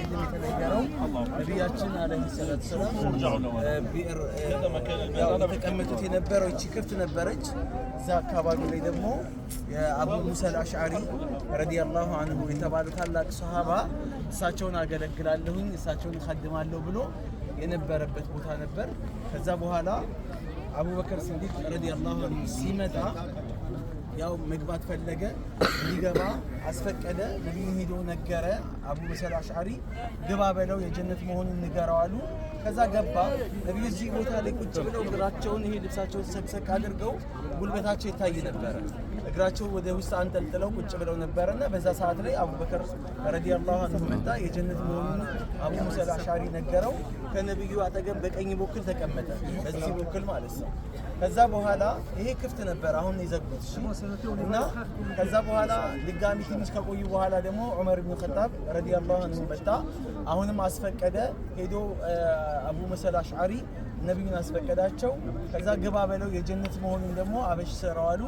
እንደሚተነገረው ነቢያችን አለይሂ ሰላት ሰላም የተቀመጡት የነበረው ይቺ ክፍት ነበረች። እዛ አካባቢ ላይ ደግሞ የአቡ ሙሳ አልአሽዓሪ ረዲየላሁ አንሁ የተባለ ታላቅ ሰሃባ እሳቸውን አገለግላለሁኝ እሳቸውን እካድማለሁ ብሎ የነበረበት ቦታ ነበር። ከዛ በኋላ አቡበከር ሲዲቅ ረዲየላሁ አንሁ ሲመጣ ያው መግባት ፈለገ ሊገባ አስፈቀደ። ነቢዩ ሄዶ ነገረ። አቡ ሙሰል አሽዓሪ ግባ በለው የጀነት መሆኑን ንገረው አሉ። ከዛ ገባ። ነቢዩ እዚህ ቦታ ላይ ቁጭ ብለው እግራቸውን ይሄ ልብሳቸውን ሰክሰክ አድርገው ጉልበታቸው ይታይ ነበረ። እግራቸው ወደ ውስጥ አንጠልጥለው ቁጭ ብለው ነበረ እና በዛ ሰዓት ላይ አቡበከር ረዲየላሁ አንሁ መጣ። የጀነት መሆኑን አቡ ሙሳ አሻሪ ነገረው። ከነቢዩ አጠገብ በቀኝ በኩል ተቀመጠ፣ በዚህ በኩል ማለት ነው። ከዛ በኋላ ይሄ ክፍት ነበር፣ አሁን የዘጉት እና ከዛ በኋላ ድጋሚ ትንሽ ከቆዩ በኋላ ደግሞ ዑመር ብን ኸጣብ ረዲየላሁ አንሁ መጣ። አሁንም አስፈቀደ። ሄዶ አቡ ሙሳ አሻሪ ነቢዩን አስፈቀዳቸው። ከዛ ግባ በለው የጀነት መሆኑን ደግሞ አበሽ አሉ።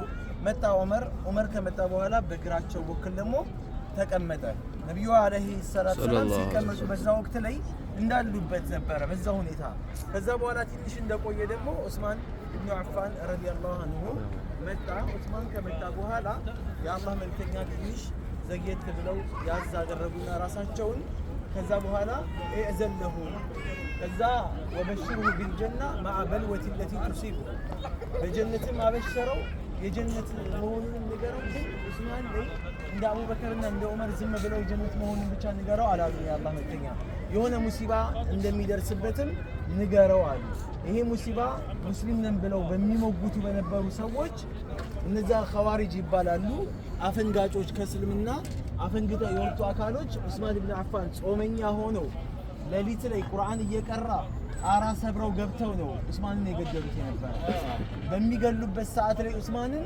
መጣ ዑመር ዑመር ከመጣ በኋላ በግራቸው ወክል ደግሞ ተቀመጠ። ነቢዩ አለይሂ ሰላቱ ሰላም ሲቀመጡ በዛ ወቅት ላይ እንዳሉበት ነበረ በዛ ሁኔታ። ከዛ በኋላ ትንሽ እንደቆየ ደግሞ ዑስማን ኢብኑ አፋን ረዲየላሁ አንሁ መጣ። ዑስማን ከመጣ በኋላ የአላህ መልክተኛ ትንሽ ዘግየት ብለው ያዝ አደረጉና ራሳቸውን ከዛ በኋላ እዘለሁ ከዛ ወበሽሩ ቢልጀና ማዕበል ወቲለቲ ቱሲቡ በጀነትም አበሸረው የጀነት መሆኑን ንገረው ግን ዑስማን ላይ እንደ አቡበከርና እንደ ዑመር ዝም ብለው ጀነት መሆኑን ብቻ ንገረው አላሉ። የአላህ መልክተኛ የሆነ ሙሲባ እንደሚደርስበትም ንገረው አሉ። ይሄ ሙሲባ ሙስሊም ነን ብለው በሚሞጉቱ በነበሩ ሰዎች እነዛ ኸዋሪጅ ይባላሉ አፈንጋጮች፣ ከእስልምና አፈንግጠው የወጡ አካሎች ዑስማን ብን አፋን ጾመኛ ሆነው ሌሊት ላይ ቁርአን እየቀራ አራስ ሰብረው ገብተው ነው ኡስማንን የገደሉት የነበረ። በሚገሉበት ሰዓት ላይ ኡስማንን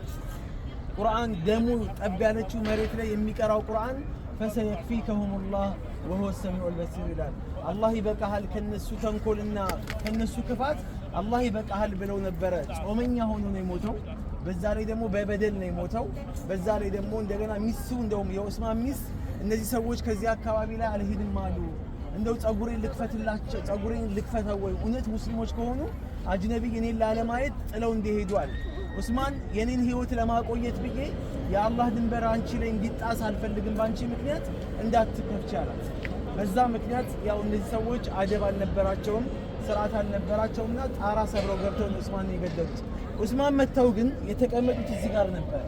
ቁርአን ደሙ ጠብ ያለችው መሬት ላይ የሚቀራው ቁርአን ፈሰየክፊከሁሙላህ ወሁወ ሰሚዑል በሲር ይላል። አላህ ይበቃሃል ከነሱ ተንኮልና ከነሱ ክፋት አላህ ይበቃሃል ብለው ነበረ። ጾመኛ ሆኖ ነው የሞተው። በዛ ላይ ደግሞ በበደል ነው የሞተው። በዛ ላይ ደግሞ እንደገና ሚስቱ እንደውም የኡስማን ሚስት እነዚህ ሰዎች ከዚህ አካባቢ ላይ አልሄድም አሉ እንደው ጸጉሬን ልክፈትላቸው ጸጉሬን ልክፈተው ወይ? እውነት ሙስሊሞች ከሆኑ አጅነቢ እኔን ላለማየት ጥለው እንዲሄዱ አለ። ኡስማን የኔን ህይወት ለማቆየት ብዬ የአላህ ድንበር አንቺ ላይ እንዲጣስ አልፈልግም፣ በአንቺ ምክንያት እንዳትከፍቺ በዛ ምክንያት ያው እነዚህ ሰዎች አደብ አልነበራቸውም፣ ስርዓት አልነበራቸውምና ጣራ ሰብረው ገብተው ኡስማን የገደሉት። ኡስማን መጥተው ግን የተቀመጡት እዚህ ጋር ነበር።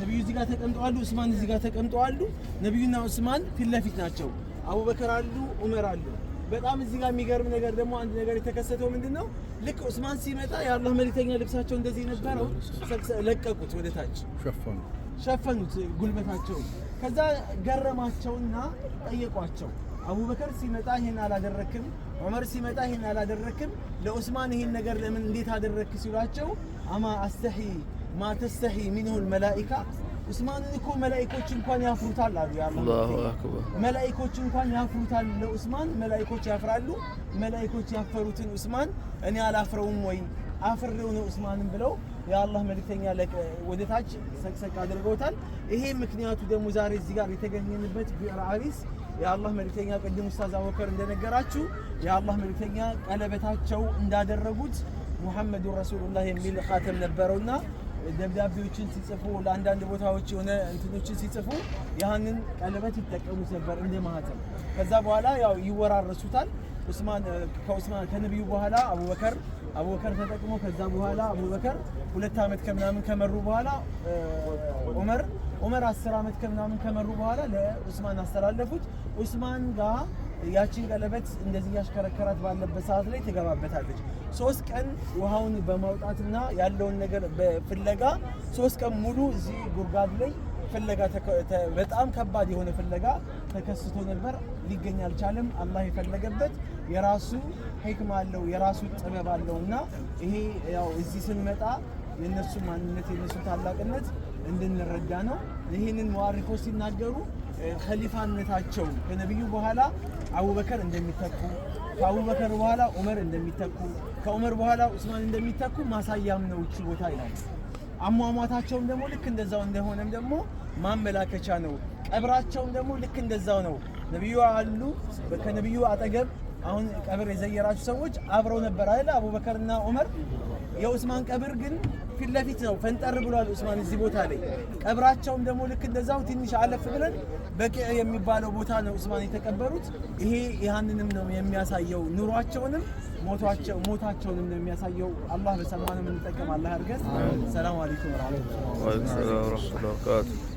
ነቢዩ እዚህ ጋር ተቀምጠዋሉ፣ ኡስማን እዚህ ጋር ተቀምጠዋሉ። ነቢዩና ኡስማን ፊት ለፊት ናቸው። አቡበከር አሉ፣ ዑመር አሉ። በጣም እዚህ ጋር የሚገርም ነገር ደግሞ አንድ ነገር የተከሰተው ምንድን ነው? ልክ ዑስማን ሲመጣ የአላህ መልእክተኛ ልብሳቸው እንደዚህ የነበረው ለቀቁት፣ ወደ ታች ሸፈኑት ጉልበታቸውን። ከዛ ገረማቸውና ጠየቋቸው። አቡበከር ሲመጣ ይሄን አላደረክም፣ ዑመር ሲመጣ ይሄን አላደረክም፣ ለዑስማን ይሄን ነገር ለምን እንዴት አደረክ ሲሏቸው አማ አስተሂ አስተሒ ማተስተሒ ሚንሁል መላኢካ ኡስማንን እኮ መላኢኮች እንኳን ያፍሩታል አሉ። አላሁ አክበር። መላኢኮች እንኳን ያፍሩታል ለኡስማን፣ መላኢኮች ያፍራሉ። መላኢኮች ያፈሩትን ኡስማን እኔ አላፍረውም ወይ አፍሬው ነው ኡስማንን ብለው የአላህ መልክተኛ ወደታች ሰቅሰቅ አድርገውታል። ይሄ ምክንያቱ ደግሞ ዛሬ እዚህ ጋር የተገኘንበት ቢዕር አሪስ የአላህ መልእክተኛ ቅድም ኡስታዝ አወከር እንደነገራችሁ የአላህ መልእክተኛ ቀለበታቸው እንዳደረጉት ሙሐመዱን ረሱሉላህ የሚል ኻተም ነበረውና ደብዳቤዎችን ሲጽፉ ለአንዳንድ ቦታዎች የሆነ እንትኖችን ሲጽፉ ያንን ቀለበት ይጠቀሙት ነበር እንደ ማህተም። ከዛ በኋላ ያው ይወራረሱታል። ኡስማን ከኡስማን ከነቢዩ በኋላ አቡበከር አቡበከር ተጠቅሞ ከዛ በኋላ አቡበከር ሁለት ዓመት ከምናምን ከመሩ በኋላ ዑመር ዑመር አስር ዓመት ከምናምን ከመሩ በኋላ ለኡስማን አስተላለፉት። ኡስማን ጋር ያችን ቀለበት እንደዚህ ያሽከረከራት ባለበት ሰዓት ላይ ትገባበታለች። ሶስት ቀን ውሃውን በማውጣትና ያለውን ነገር በፍለጋ ሶስት ቀን ሙሉ እዚህ ጉድጓድ ላይ ፍለጋ በጣም ከባድ የሆነ ፍለጋ ተከስቶ ነበር። ሊገኝ አልቻለም። አላህ የፈለገበት የራሱ ህክማ አለው የራሱ ጥበብ አለው እና ይሄ ያው እዚህ ስንመጣ የእነሱ ማንነት የእነሱ ታላቅነት እንድንረዳ ነው። ይህንን መዋሪኮ ሲናገሩ ከሊፋነታቸው ከነቢዩ በኋላ አቡበከር እንደሚተኩ ከአቡበከር በኋላ ዑመር እንደሚተኩ ከዑመር በኋላ ዑስማን እንደሚተኩ ማሳያም ነው እቺ ቦታ ይላል። አሟሟታቸውም ደግሞ ልክ እንደዛው እንደሆነም ደግሞ ማመላከቻ ነው። ቀብራቸውም ደግሞ ልክ እንደዛው ነው። ነቢዩ አሉ ከነቢዩ አጠገብ አሁን ቀብር የዘየራችሁ ሰዎች አብረው ነበር አይደል? አቡበከርና ዑመር። የዑስማን ቀብር ግን ፊት ለፊት ነው፣ ፈንጠር ብሏል ዑስማን እዚህ ቦታ ላይ። ቀብራቸውም ደግሞ ልክ እንደዛው ትንሽ አለፍ ብለን በቂዕ የሚባለው ቦታ ነው ዑስማን የተቀበሩት። ይሄ ያንንም ነው የሚያሳየው። ኑሯቸውንም ሞታቸው ሞታቸውንም ነው የሚያሳየው። አላህ በሰማነው የምንጠቀም አላህ አድርገን። ሰላም አለይኩም ወራህመቱላሂ ወበረካቱ